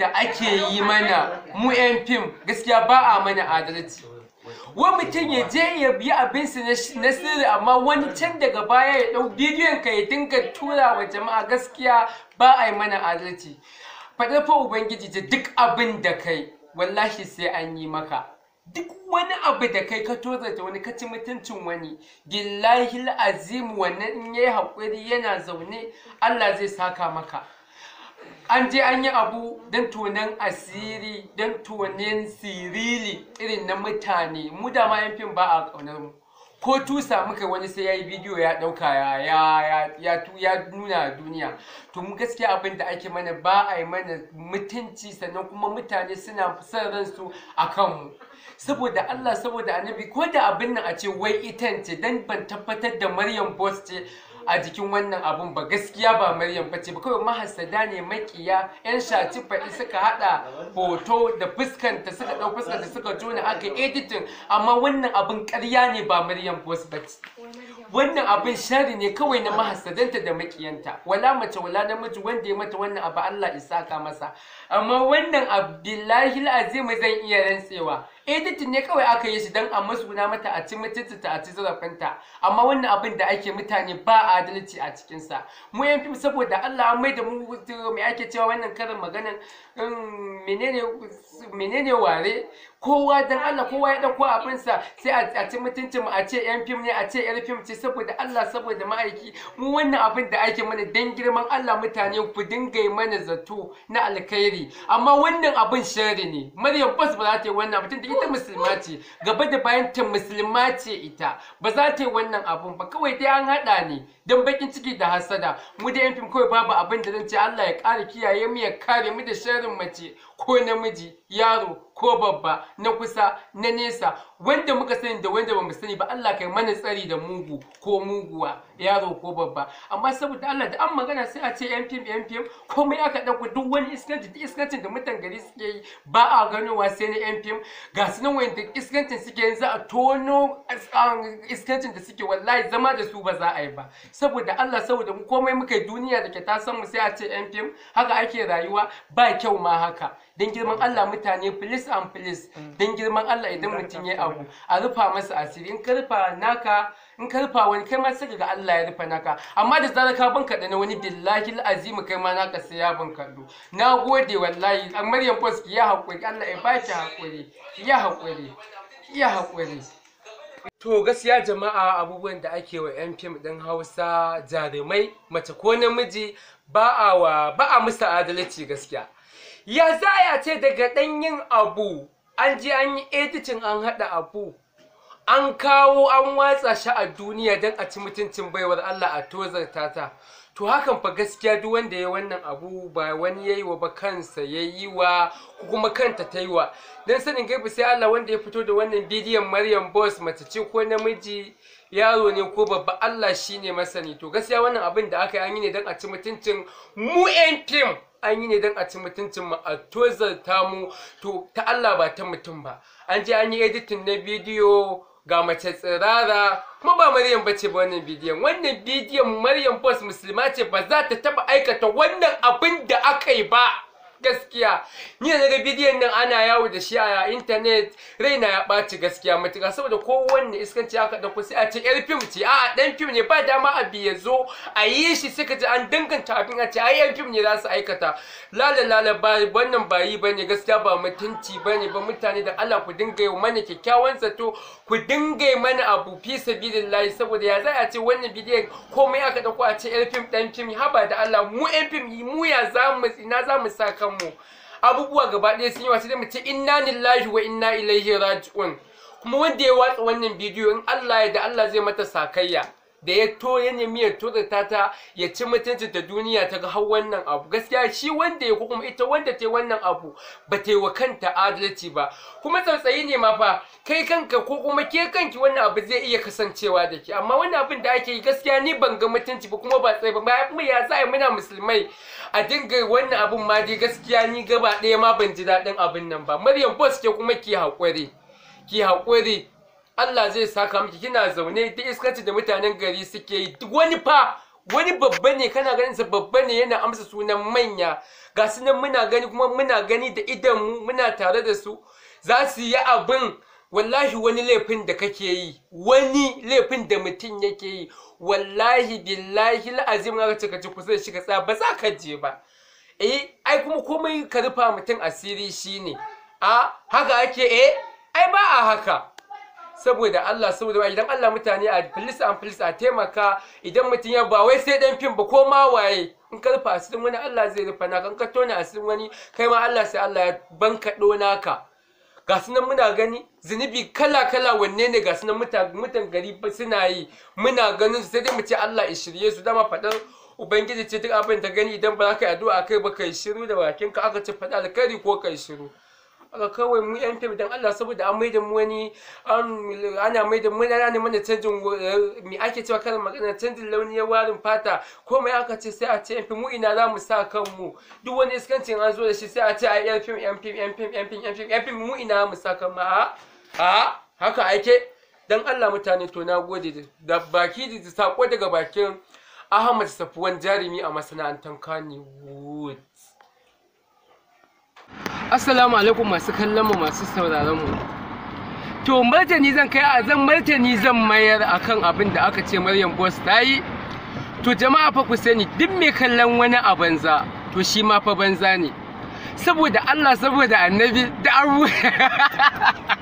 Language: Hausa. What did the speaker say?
da ake yi mana mu 'yan fim gaskiya ba a mana adalci wani mutum ya je ya biya abinsa na sirri amma wani can daga baya ya ɗau bidiyon ka ya dinga tura wa jama'a gaskiya ba a yi mana adalci faɗar fa ubangiji ta duk abin da kai wallahi sai an yi maka duk wani abu da kai ka ta wani ka mutuncin wani billahi azim wannan in yayi hakuri, yana zaune Allah zai saka maka an je an yi abu don tonen asiri don tonen sirili irin na mutane mu da ma fim ba a ƙaunar mu ko tusa muka wani sai ya yi bidiyo ya ɗauka ya ya ya nuna duniya to mu gaskiya abin da ake mana ba a yi mana mutunci sannan kuma mutane suna son ransu a kanmu saboda Allah saboda annabi ko da abin nan a ce wai itance, ce dan ban tabbatar da Maryam Bos ce a jikin wannan abun ba gaskiya ba maryam bace ba kawai mahasada ne makiya yan shati faɗi suka haɗa hoto da fuskanta suka ɗau fuskanta suka tona aka editin amma wannan abun ƙarya ne ba maryam bos wannan abin shari ne kawai na mahasadanta da makiyanta wala mace wala namiji wanda ya mata wannan abu Allah isa ka masa amma wannan abdullahi azimi zan iya rantsewa editing ne kawai aka yi shi don a masuna mata a cikin mutunta ta a cikin zarafinta amma wannan abin da ake mutane ba adalci a cikinsa mu yan fim saboda Allah an maida mu mai ake cewa wannan karin maganan um, menene menene ware kowa dan Allah kowa ya dauko abinsa sai a cikin mutuncin mu a ce yan fim ne a ce 'yan fim ce saboda Allah saboda ma'aiki mu wannan abin da ake mana dan girman Allah mutane ku dinga yi mana zato na alkhairi amma wannan abin shari ne Maryam bas ba za ta yi wannan abin da ita musulma ce gaba da bayan ta musulma ce ita ba za ta yi wannan abun ba kawai dai an haɗa ne don bakin ciki da hasada mu da yan fim kawai babu abin da zan ce Allah ya ƙara kiyaye mu ya kare mu da sharrin mace ko namiji yaro ko babba na kusa na nesa wanda muka sani da wanda bamu sani ba Allah kai mana tsari da mugu ko muguwa yaro ko babba amma saboda Allah da an magana sai a ce MPM fim komai aka dauko duk wani iskancin duk iskancin da mutan gari suke yi ba a ganowa sai na MPM fim ga su nan wanda iskancin suke yanzu a tono ah, iskancin da suke wallahi zama da su ba za a yi ba saboda Allah saboda mu komai muka duniya da ke ta san mu sai a ce yan fim haka ake rayuwa ba kyau ma haka dan girman Allah mutane filis an filis don girman Allah idan mutum ya abu a rufa masa asiri in karfa naka in karfa wani kai ma sai ga Allah ya rufa naka amma da zarar ka banka da wani billahi azimi kai ma naka sai ya banka do na gode wallahi Maryam Post ya hakuri Allah ya baki hakuri ya hakuri ya hakuri To gaskiya jama'a abubuwan da ake wa 'yan fim ɗin Hausa jarumai mace ko namiji ba a musu adalci gaskiya. ya a ce daga ɗanyin abu an je an yi editin an haɗa abu an kawo an watsa shi a duniya don a ci mutuncin baiwar Allah a tozarta ta to hakan fa gaskiya duk wanda ya wannan abu ba wani yayi wa ba kansa yayi wa kuma kanta ta yi wa dan sanin gaibi sai Allah wanda ya fito da wannan bidiyon Maryam Boss mace ce ko namiji yaro ne ko babba Allah shine masani to gaskiya wannan abin da aka yi an yi ne don a ci mutuncin mu fim an yi ne don a ci mutuncin mu a tozarta mu to ta Allah ba ta mutum ba an je an yi editin na bidiyo ga mace tsirara kuma ba Maryam bace ba wannan bidiyon wannan bidiyon Maryam Boss musulma ce ba za ta taba aikata wannan abin da aka yi ba gaskiya ni da ga bidiyon nan ana yawo da shi a intanet raina ya ɓaci gaskiya matuƙa saboda kowanne iskanci aka ɗauko sai a ce yar fim ce a ɗan fim ne ba dama a biya zo a yi shi suka ji an danganta abin a ce ai yan fim ne za su aikata lala lala ba wannan ba yi bane gaskiya ba mutunci bane ba mutane da Allah ku dinga yi mana kyakkyawan zato ku dinga yi mana abu fi layi, saboda ya za a ce wannan bidiyon komai aka ɗauko a ce yar fim ɗan fim haba da Allah mu yan fim mu ya za mu ina za mu sa kanmu mu abubuwa gaba ɗaya sun yi wasu da mace ce inna lillahi wa inna ilaihi raji'un kuma wanda ya watsa wannan bidiyo in Allah ya da Allah zai mata sakayya da ya to ya nemi ya ta ya ci mutuncin ta duniya ta ga har wannan abu gaskiya shi wanda ya ko kuma ita wanda ta yi wannan abu ba ta yi wa kanta adalci ba kuma tsautsayi ne ma fa kai kanka ko kuma ke kanki wannan abu zai iya kasancewa da ke amma wannan abin da ake yi gaskiya ni ban ga mutunci ba kuma ba tsaye ba kuma ya sa muna musulmai a dinga wannan abin ma dai gaskiya ni gaba ɗaya ma ban ji daɗin abin nan ba maryam boss ke kuma ki haƙuri ki haƙuri Allah zai saka miki kina zaune da iskanci da mutanen gari suke yi wani fa wani babba ne kana ganin sa babba ne yana amsa sunan manya ga sunan muna gani kuma muna gani da idan mu muna tare da su za su yi abin wallahi wani laifin da kake yi wani laifin da mutum yake yi wallahi billahi la'azim ka ce ka ci kusa da shi ka tsaya ba za ka je ba eh ai kuma komai ka rufa mutum asiri shine a ah, haka ake eh ai ba a haka saboda Allah saboda ba idan Allah mutane a filisa an filis a taimaka idan mutum ya ba wai sai dan fim ba ko ma waye in ka rufa asirin wani Allah zai rufa naka in ka tona asirin wani kai ma Allah sai Allah ya bankaɗo naka ga sunan muna gani zunubi kala-kala wanne ne ga sunan mutan gari suna yi muna ganin su sai dai mu ce Allah ya shirye su dama faɗar ubangiji ce duk abin da gani idan ba za ka yi addu'a kai ba kai shiru da bakin ka aka ci fada alkhairi ko kai shiru aka kawai mu yan fim dan Allah saboda an maida mu wani ana maida mu ana mana canjin eh, mi ake cewa karin magana canjin ya warin fata komai aka ce sai a ce yan fim mu ina za mu sa kanmu duk wani iskancin an zo da shi sai a ce a yan fim yan fim yan fim yan fim yan fim yan fim mu ina mu sa kanmu a a haka ake dan Allah mutane to na gode da baki da sako daga bakin Ahmad Safuwan jarumi a masana'antar Kannywood. Assalamu alaikum masu kallon mu masu sauraron mu. To martani zan kai a zan martani zan mayar akan abin da aka ce Maryam Boss ta yi. To jama'a fa ku sani duk mai kallon wani a banza to shi ma fa banza ne. Saboda Allah saboda Annabi da abu